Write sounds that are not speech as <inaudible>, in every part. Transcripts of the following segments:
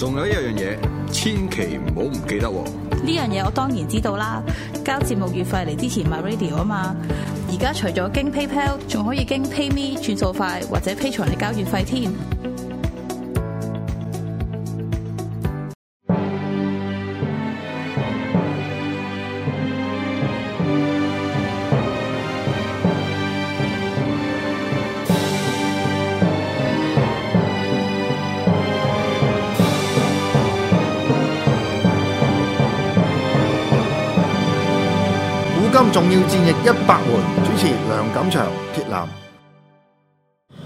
仲有一樣嘢，千祈唔好唔記得喎！呢樣嘢我當然知道啦，交節目月費嚟支持 MyRadio 啊嘛！而家除咗經 PayPal，仲可以經 PayMe 轉數快，或者 Patreon 嚟交月費添。今重要戰役一百回，主持梁錦祥、鐵男。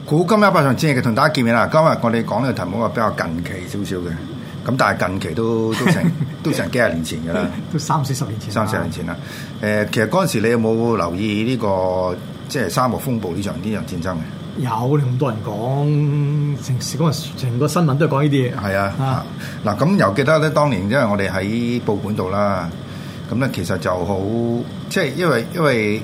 古今一百場戰役嘅同大家見面啦。今日我哋講呢個題目比較近期少少嘅，咁但係近期都都成 <laughs> 都成幾廿年前噶啦，都三四十年前，三四十年前啦。誒，其實嗰陣時你有冇留意呢、這個即係沙漠風暴呢場呢場戰爭嘅？有咁多人講，成時嗰陣成個新聞都係講呢啲嘢。係啊，嗱、啊、咁、啊、又記得咧，當年因為我哋喺報館度啦。咁咧，其實就好，即係因為因為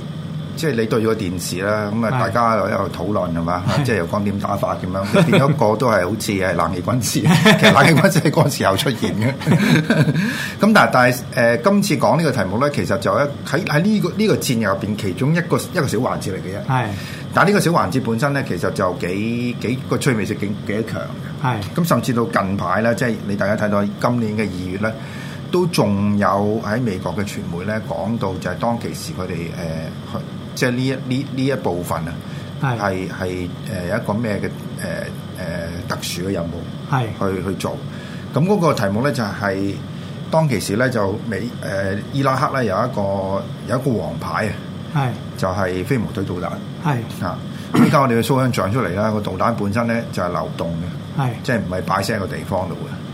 即係你對住個電視啦，咁啊大家又喺度討論係嘛？即係又講點打法咁樣，變咗個都係好似係冷氣軍師， <laughs> 其實冷氣軍師喺嗰個時候出現嘅。咁 <laughs> 但係但係誒、呃，今次講呢個題目咧，其實就喺喺呢個呢、呢個戰役入邊，其中一個一個小環節嚟嘅啫。係，但係呢個小環節本身咧，其實就幾幾個趣味性幾，幾強。係，咁甚至到近排咧，即係你大家睇到今年嘅二月咧。都仲有喺美國嘅傳媒咧，講到就係當其時佢哋誒，即係呢一呢呢一,一部分啊，係係誒有一個咩嘅誒誒特殊嘅任務係去去做。咁嗰個題目咧，就係當其時咧就美誒伊拉克咧有一個有一個王牌啊，係就係、是、飛毛腿導彈係啊。依家我哋嘅蘇軍長出嚟啦，個導彈本身咧就係、是、流動嘅，係即係唔係擺死喺個地方度嘅。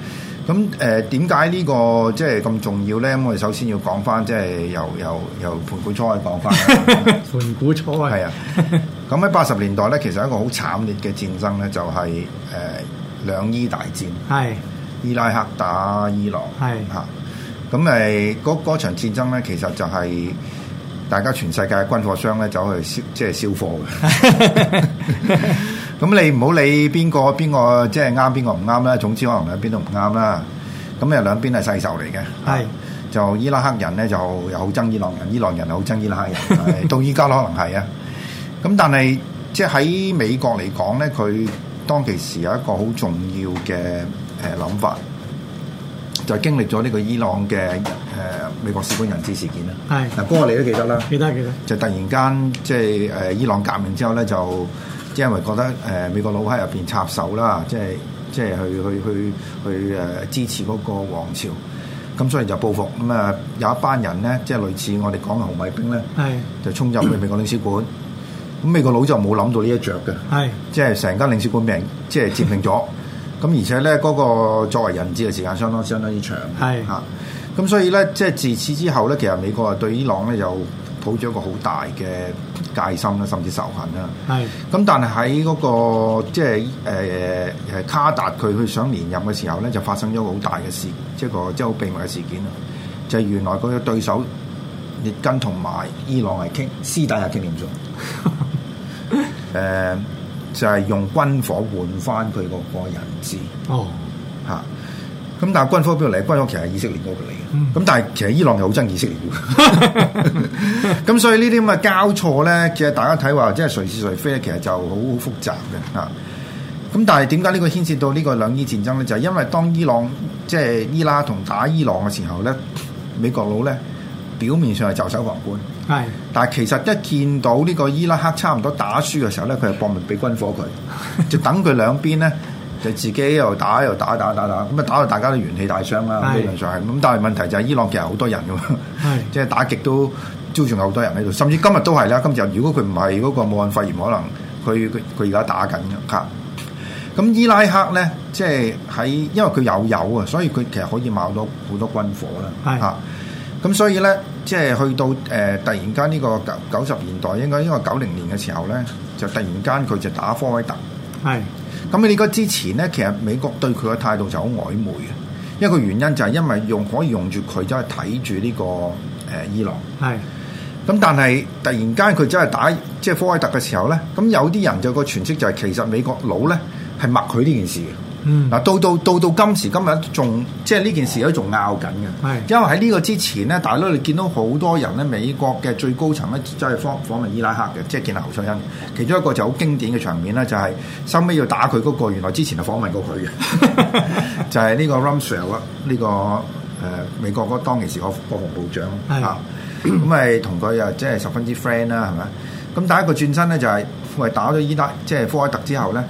咁誒點解呢個即係咁重要咧？咁我哋首先要講翻，即係由由由盤古初去講翻。盤古初啊，係啊。咁喺八十年代咧，其實一個好慘烈嘅戰爭咧，就係誒兩伊大戰。係伊拉克打伊朗。係嚇。咁誒嗰嗰場戰爭咧，其實就係大家全世界軍火商咧走去消即係燒貨嘅。.咁你唔好理邊個邊個即係啱邊個唔啱啦，總之可能兩邊都唔啱啦。咁又兩邊係世仇嚟嘅、啊，就伊拉克人咧就又好憎伊朗人，伊朗人又好憎伊拉克人， <laughs> 到依家可能係啊。咁但係即喺美國嚟講咧，佢當其時有一個好重要嘅諗、呃、法，就經歷咗呢個伊朗嘅、呃、美國士兵人質事件啦，美國使館人質事件。係嗱，哥、啊、你都記得啦，記得記得。就突然間即係伊朗革命之後咧就。即係因為覺得誒美國佬喺入邊插手啦，即係即係去去去去誒支持嗰個王朝，咁所以就報復咁啊！有一班人咧，即係類似我哋講嘅紅衛兵咧，就衝入去美國領事館，咁 <coughs> 美國佬就冇諗到呢一着嘅，是即係成間領事館畀人即係佔領咗，咁 <laughs> 而且咧嗰個作為人質嘅時間相當相當之長，嚇、啊！咁所以咧，即係自此之後咧，其實美國啊對伊朗咧就。補咗一個好大嘅戒心啦，甚至仇恨啦。係。咁但係喺嗰個即係誒誒卡達佢去想連任嘅時候咧，就發生咗好大嘅事，即、就、係、是、個即係好秘密嘅事件啦。就係、是、原來佢嘅對手，列根同埋伊朗係傾私底下傾掂咗。誒、 <laughs> 呃，就係、是、用軍火換翻佢個個人質。哦，嚇、啊！咁但係軍火邊度嚟？軍火其實係以色列嚟嘅。咁、嗯、但係其實伊朗又好憎以色列。咁 <laughs> <laughs> 所以呢啲咁嘅交錯咧，其實大家睇話即係誰是誰非咧，其實就好好複雜嘅嚇。咁但係點解呢個牽涉到呢個兩伊戰爭咧？就係、是、因為當伊朗即係、就是、伊拉克同打伊朗嘅時候咧，美國佬咧表面上係袖手旁觀，係，但係其實一見到呢個伊拉克差唔多打輸嘅時候咧，佢係搏命俾軍火佢，就等佢兩邊咧。 <laughs> 自己又打又打打打打，咁啊打到大家都元氣大傷啦，基本上係咁。但係問題就係伊朗其實好多人噶喎，即係打極都都仲有好多人喺度，甚至今日都係啦。今日如果佢唔係嗰個武漢肺炎，可能佢佢佢而家打緊噶。咁伊拉克咧，即係喺因為佢有油啊，所以佢其實可以買到好多軍火啦。嚇，咁、啊、所以咧，即、就、係、是、去到誒、呃、突然間呢個九九十年代，應該因為九零年嘅時候咧，就突然間佢就打科威特。係，咁喺呢個之前咧，其實美國對佢嘅態度就好曖昧嘅，一個原因就係因為用可以用住佢，即係睇住呢個誒伊朗。係，咁但係突然間佢真係打即係科威特嘅時候咧，咁有啲人傳就個傳說就係其實美國佬咧係默許呢件事嘅。嗯，嗱到到到到今時今日，仲即係呢件事都仲拗緊嘅。係，因為喺呢個之前咧，大佬你見到好多人咧，美國嘅最高層咧，即係訪訪問伊拉克嘅，即係見阿侯賽因。其中一個就好經典嘅場面咧，就係收尾要打佢嗰個，原來之前就訪問過佢嘅、 <laughs> <laughs> 這個呃啊，就係呢個 Rumsfeld 呢個美國嗰當其時個國防部長，咁咪同佢呀，即係十分之 friend 啦，係咪？咁第一個轉身咧就係為打咗伊拉克，即係科威特之後咧。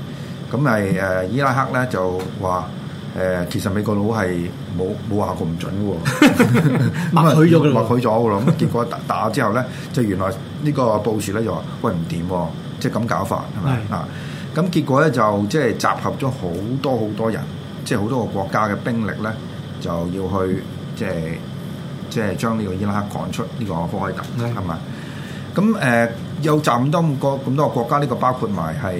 咁係、呃、伊拉克咧就話、呃、其實美國佬係冇冇話過唔準喎，默許咗佢默許咗嘅啦。咁 <laughs> 結果打打之後咧，就原來個部署呢個布殊咧就話：喂唔掂、啊，即係咁搞法係咪啊？咁結果咧就即係集合咗好多好多人，即係好多個國家嘅兵力咧，就要去即係即係將呢個伊拉克趕出呢、這個科威特係咪？是是咁誒有咁多咁多個國家，呢、呢個包括埋係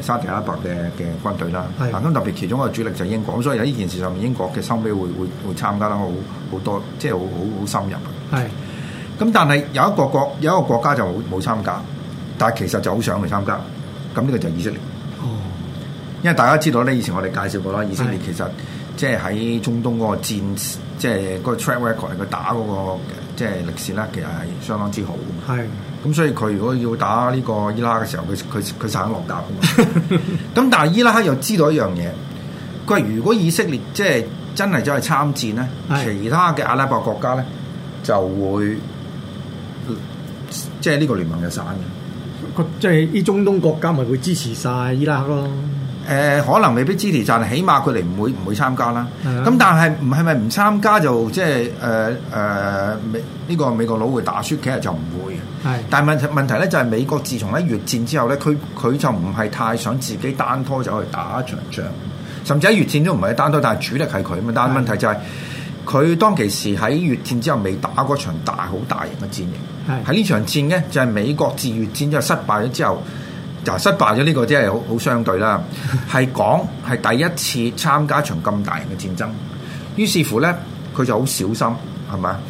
誒沙特阿拉伯嘅嘅軍隊啦。咁特別其中一個主力就係英國，所以呢件事上面英國嘅收尾會會會參加得好好多，即係好好好深入。咁但係有一個國有一個國家就冇參加，但係其實就好想去參加。咁呢個就係以色列。哦。因為大家知道咧，以前我哋介紹過啦，以色列其實即係喺中東嗰個戰，即係嗰個 track record 佢打嗰、嗰個。即係歷史啦，其實係相當之好嘅嘛。係，咁所以佢如果要打呢個伊拉克嘅時候，佢佢佢就肯落架嘅嘛。咁但係伊拉克又知道一樣嘢，佢如果以色列即係真係走去參戰咧，其他嘅阿拉伯國家咧就會即係呢個聯盟就散嘅。即係啲中東國家咪會支持晒伊拉克咯。誒、呃、可能未必支持站，但係起碼佢哋唔會唔會參加啦。咁但係唔係咪唔參加就即係誒誒美呢、這個美國佬會打輸？其實就唔會嘅。係，但係問題問題咧就係美國自從喺越戰之後咧，佢佢就唔係太想自己單拖走去打一場仗，甚至喺越戰都唔係單拖，但係主力係佢嘛。但係問題就係、是、佢當其時喺越戰之後未打過場大好大型嘅戰役，喺呢場戰咧就係、是、美國自越戰之後失敗咗之後。就失敗咗呢、呢個，真係好好相對啦。係講係第一次參加一場咁大型嘅戰爭，於是乎咧，佢就好小心，係咪？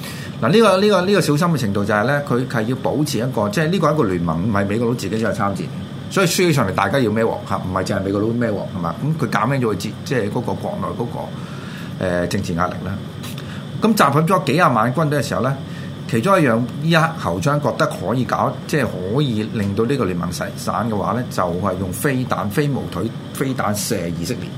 嗱、呢、呢個呢、呢個呢、呢個小心嘅程度就係咧，佢係要保持一個，即係呢個係一個聯盟，唔係美國佬自己就係參戰，所以輸起上嚟大家要孭鑊？嚇，唔係淨係美國佬孭鑊係嘛？咁佢、嗯、減輕咗佢接即係嗰個國內嗰、嗰個、呃、政治壓力啦。咁集結咗幾廿萬軍隊嘅時候咧。其中一樣，一侯章覺得可以搞，即、就、係、是、可以令到呢個聯盟散嘅話咧，就係、是、用飛彈、飛毛腿、飛彈射以色列，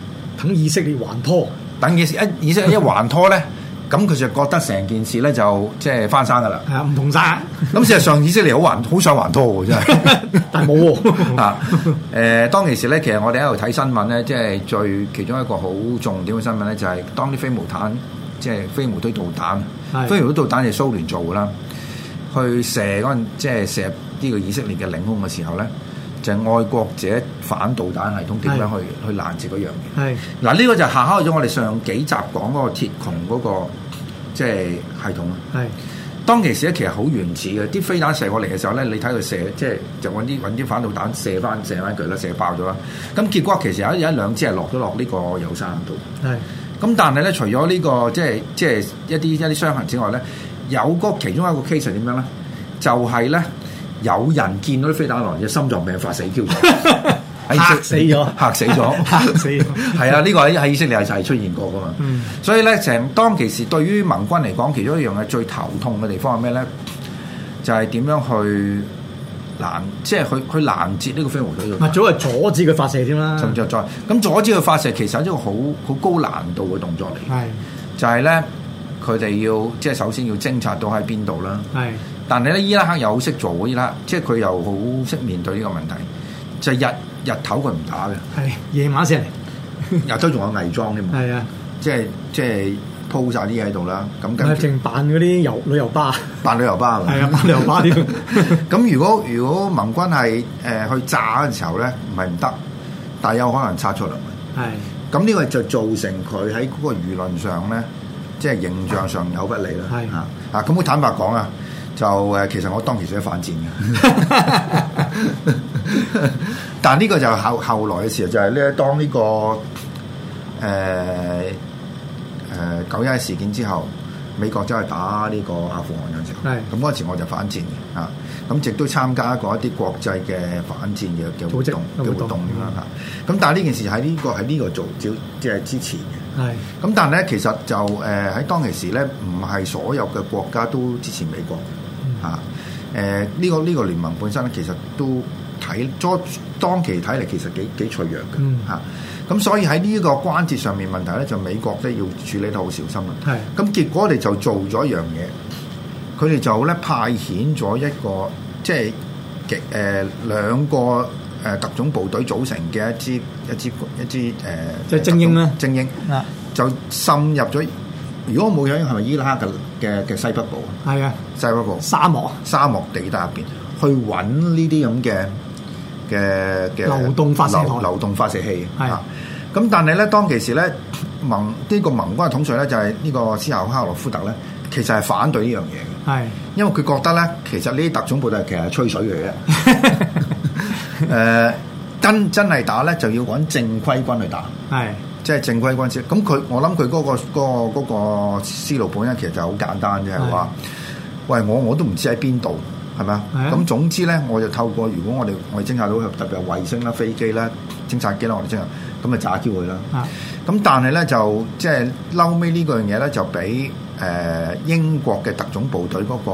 等以色列還拖，等以色列一還拖咧，咁 <laughs> 佢就覺得成件事咧就即係、就是、翻生㗎喇。係啊，唔同晒。咁事實上，以色列好還，好想還拖嘅真係，但冇喎。嗱、 <laughs> 啊，誒、呃，當其時咧，其實我哋喺度睇新聞咧，即、就、係、是、最其中一個好重點嘅新聞咧，就係、是、當啲飛毛彈，即、就、係、是、飛毛腿導彈。不如導彈，當然係蘇聯做啦。去射嗰陣，即係射呢個以色列嘅領空嘅時候咧，就係、是、愛國者反導彈系統點樣去去攔截嗰樣嘢。嗱，呢個就下開咗我哋上幾集講嗰個鐵穹嗰、那個即係、就是、系統啦。係當其時咧，其實好原始嘅，啲飛彈射過嚟嘅時候咧，你睇佢射，即係就揾啲啲反導彈射翻射翻佢啦，射爆咗啦。咁結果其實有一,一兩支係落咗落呢個有山度。咁、嗯、但係咧，除咗呢、這個即係即係一啲一啲傷痕之外咧，有個其中一個 case 點樣咧，就係、是、咧有人見到啲飛彈嚟嘅心臟病發死叫 <laughs> 嚇死咗，嚇死咗，嚇死咗，係 <laughs> <laughs> 啊！呢、這個喺喺以色列就係出現過噶嘛。嗯、所以咧，成當其時對於盟軍嚟講，其中一樣係最頭痛嘅地方係咩咧？就係、是、點樣去？攔即係佢佢攔截呢個飛毛腿，咪作為阻止佢發射添啦。就就再咁阻止佢發射，發射其實係一個好好高難度嘅動作嚟。係就係咧，佢哋要即係首先要偵察到喺邊度啦。係，但係咧，伊拉克又好識做伊拉克，即係佢又好識面對呢個問題。就係、日日頭佢唔打嘅，係夜晚先。日頭仲有偽裝添。係 <laughs> 啊，即係即係。鋪晒啲嘢喺度啦，咁梗係淨辦嗰啲遊旅遊巴，辦旅遊巴係啊，辦 <laughs> 旅遊巴咁 <laughs> 如果如果盟軍係誒去炸嘅時候咧，唔係唔得，但係有可能拆出嚟。係咁呢個就造成佢喺嗰個輿論上咧，即係形象上有不利啦。係嚇啊！咁我坦白講啊，就誒其實我當其實反戰嘅， <laughs> <laughs> 但係呢個就後後來嘅事就係咧，當呢個誒。誒九一事件之後，美國走去打呢個阿富汗嗰陣時候，咁嗰陣我就反戰嘅啊，咁亦都參加過一啲國際嘅反戰嘅嘅活動活動啦嚇。咁、啊、但係呢件事喺呢、呢個喺呢個做招即係之前。嘅、就是。係。咁、啊、但係咧，其實就誒喺、呃、當其時咧，唔係所有嘅國家都支持美國嘅嚇。呢、啊呃呢個呢、呢個聯盟本身其實都。睇，咗當期睇嚟其實幾幾脆弱嘅吓，咁、嗯啊、所以喺呢一個關節上面問題咧，就美國都要處理得好小心啊。係，咁結果我哋就做咗一樣嘢，佢哋就咧派遣咗一個即係極誒兩個誒特、呃、種部隊組成嘅一支一支一支誒，即、呃、係精英咧，精英啊，就滲入咗。如果冇嘢，係咪伊拉克嘅嘅西北部啊？係啊，西北部沙漠沙漠地帶入邊去揾呢啲咁嘅。嘅嘅流，流，流動發射器，流流動發射器。係咁，但係咧，當其時咧，盟呢、呢個盟軍統帥咧，就係呢個斯考克羅夫特咧，其實係反對呢樣嘢嘅。係，因為佢覺得咧，其實呢啲特種部隊其實係吹水嘅啫。誒， <laughs> <laughs> 真真係打咧，就要揾正規軍去打。係，即、就、係、係、正規軍先。咁佢，我諗佢嗰個嗰、嗰個嗰個思路本身其實就好簡單啫，係話，喂，我我都唔知喺邊度。係咪啊？咁、嗯、總之咧，我就透過如果我哋我哋偵察到，特別係衛星啦、飛機啦、偵察機啦，我哋偵察咁咪炸焦佢啦。咁、啊、但係咧就即係嬲尾呢個樣嘢咧，就俾誒、呃、英國嘅特種部隊嗰、那個、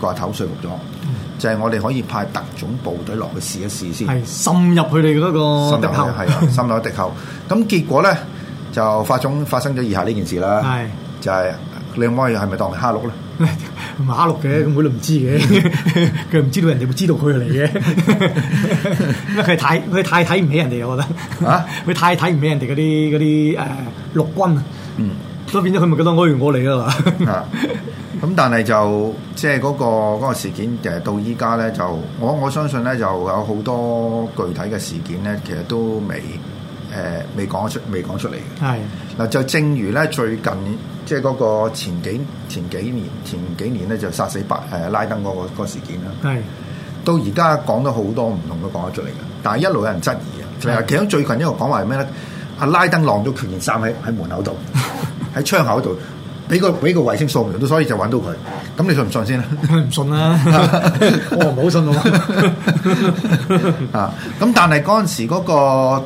那個頭說服咗，就係、是、我哋可以派特種部隊落去試一試先。係滲入佢哋嗰個敵後，係滲入敵後。咁、 <laughs> 啊、 <laughs> 結果咧就發生發生咗以下呢件事啦。係就係、是、你可唔可以係咪當係蝦碌咧？ <laughs> 馬鹿嘅，咁佢都唔知嘅，佢、嗯、唔 <laughs> 知道人哋會知道佢嚟嘅，因為佢太佢太睇唔起人哋，我覺得啊，佢 <laughs> 太睇唔起人哋嗰啲嗰啲誒陸軍啊，嗯，所以變咗佢咪覺得我完我嚟咯，係、嗯、咁、 <laughs> 嗯、但係就即係嗰個、嗰個事件誒到依家咧就我我相信咧就有好多具體嘅事件咧其實都未誒、呃、未講出未講出嚟嘅係嗱就正如咧最近。即係嗰個前幾前幾年前幾年咧就殺死白誒、啊、拉登嗰、嗰個嗰個事件啦。係到而家講咗好多唔同嘅講法出嚟嘅，但係一路有人質疑啊。就係、是、其中最近一個講話係咩咧？阿、啊、拉登晾咗件衫喺喺門口度，喺 <laughs> 窗口度。俾個俾個衛星掃描到，所以就揾到佢。咁你信唔信先啊？唔信啦、 <laughs> <laughs> 哦，我唔好信我。啊，咁但係嗰時時嗰個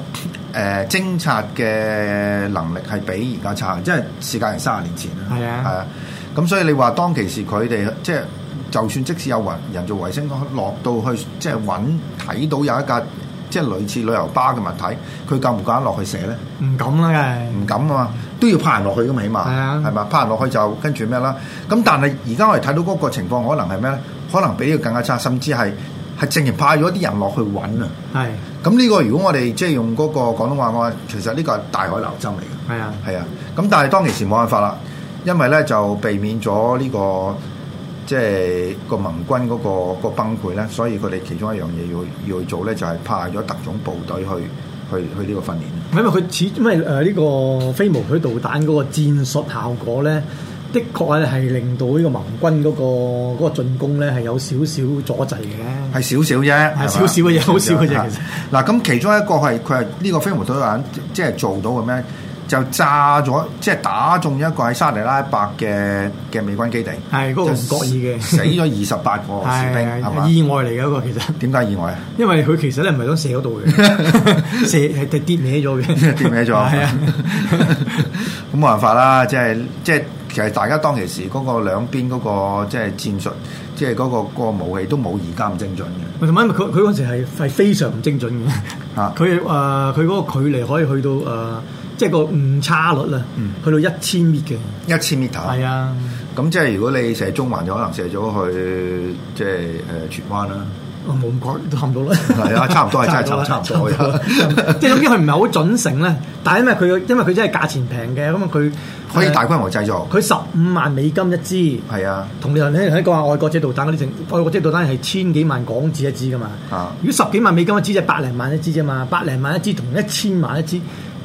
偵察嘅能力係比而家差，即係時間係卅年前啦。係啊，啊，係啊。咁所以你話當其時佢哋即係就算即使有人造衛星落到去，即係揾睇到有一架。即係類似旅遊巴嘅問題，佢敢唔敢落去寫咧？唔敢啦，梗係唔敢啊嘛，都要派人落去咁啊，起碼係啊，係嘛？派人落去就跟住咩啦？咁但係而家我哋睇到嗰個情況，可能係咩咧？可能比佢更加差，甚至係係正然派咗啲人落去揾啊！係咁呢個，如果我哋即係用嗰個廣東話話，其實呢個係大海撈針嚟嘅。係啊，係啊。咁但係當其時冇辦法啦，因為咧就避免咗呢、這個。即係個盟軍嗰個崩潰咧，所以佢哋其中一樣嘢要要去做咧，就係派咗特種部隊去去去呢個訓練。因為佢始，因為呢個飛毛腿導彈嗰個戰術效果咧，的確係係令到呢個盟軍嗰個進攻咧係有少少阻滯嘅。係少少啫，係少少嘅嘢，好少嘅嘢。其實嗱，咁其中一個係佢係呢個飛毛腿導彈即係做到嘅咩？就炸咗，即係打中一個喺沙尼拉伯嘅嘅美軍基地，係嗰個唔覺意嘅，死咗二十八個士兵，係嘛，意外嚟嘅嗰個其實。點解意外啊？因為佢其實咧唔係想射嗰度嘅， <laughs> 射係跌歪咗嘅， <laughs> 跌歪咗。係啊，咁 <laughs> 冇 <laughs> 辦法啦，即係即係其實大家當其時嗰個兩邊嗰個即係戰術，即係嗰個武器都冇而家咁精準嘅。同埋，佢佢嗰時係係非常唔精準嘅。啊，佢誒佢嗰個距離可以去到誒。呃即係個誤差率啦，去到一千 m 嘅，一千 meter 係啊。咁即係如果你射中環，就可能射咗去即係誒、呃、荃灣啦。我冇咁講，都唔到啦。係啊，差唔多係差唔多。即係總之佢唔係好準繩咧。但係因為佢因為佢真係價錢平嘅，咁啊佢可以大規模製作。佢十五萬美金一支係啊。同你頭先你喺講下外國製導彈嗰啲成外國製導彈係千幾萬港紙一支噶嘛。如果十幾萬美金一支就百零萬一支啫嘛，百零萬一支同一千萬一支。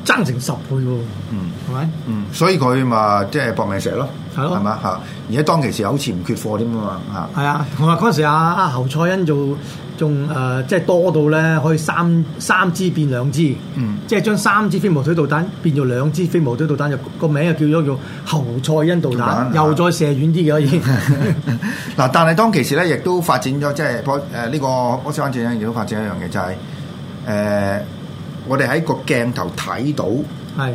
爭成十倍喎，嗯，係咪？嗯，所以佢咪，即係搏命射咯，係咯，係嘛嚇？而且當其時好似唔缺貨添啊嘛嚇！係啊，我話嗰陣時阿侯賽恩仲仲誒，即係多到咧，可以三三支變兩支，嗯，即係將三支飛毛腿導彈變做兩支飛毛腿導彈，就個名又叫咗叫侯賽恩導彈，又再射遠啲嘅可以。嗱， <laughs> <laughs> 但係當其時咧，亦都發展咗即係波呢、呃呢個波斯灣戰爭，亦都發展咗一樣嘢就係、係、誒。呃我哋喺個鏡頭睇到，係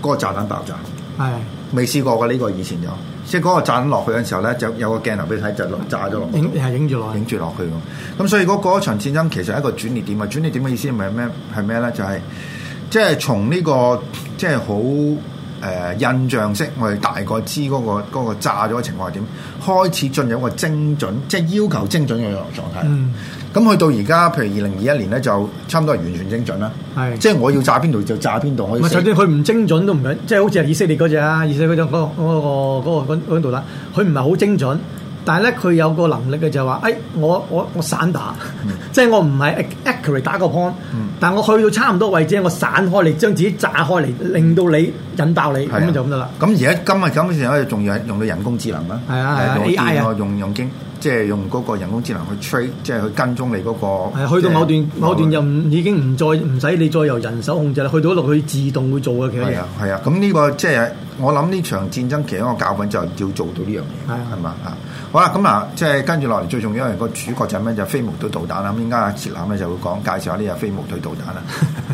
嗰個炸彈爆炸，係未試過嘅呢、這個以前有就，即係嗰個炸彈落去嘅時候咧，就有個鏡頭俾你睇，就落炸咗，影係影住落，影住落去嘅。咁所以嗰嗰場戰爭其實係一個轉捩點啊！轉捩點嘅意思係係咩？係咩咧？就係即係從呢個即係好。就是誒、呃、印象式，我哋大概知嗰、嗰個嗰個炸咗嘅情況係點，開始進入一個精準，即係要求精準嘅狀態。嗯，咁去到而家，譬如二零二一年咧，就差唔多係完全精準啦。係，即係我要炸邊度就炸邊度可以。佢、嗯、唔精準都唔緊，即、就、係、是、好似以色列嗰隻啊，以色列嗰隻嗰嗰個嗰度啦，佢唔係好精準。但係咧，佢有個能力嘅就係話，誒、哎，我我我散打，嗯、即係我唔係 accurate 打個 point，嗯、但係我去到差唔多位置，我散開嚟，將自己炸開嚟，令到你引爆你咁、嗯啊、就咁得啦。咁而家今日咁嘅時候，仲要用到人工智能啦。係啊，係啊，用電啊用用經，即係用嗰、就是、個人工智能去 trade，即係去跟蹤你嗰、那個、啊。去到某段某段，某段又已經唔再唔使你再由人手控制啦，去到嗰度佢自動會做嘅其實。係啊，咁呢、啊、個即、就、係、是、我諗呢場戰爭，其實一個教訓就係要做到呢樣嘢，係嘛、啊。好啦，咁嗱，即係跟住落嚟最重要嘅個主角就係咩？就係飛毛腿導彈啦。咁而家阿哲林咧就會講介紹下呢隻飛毛腿導彈啦。 <laughs>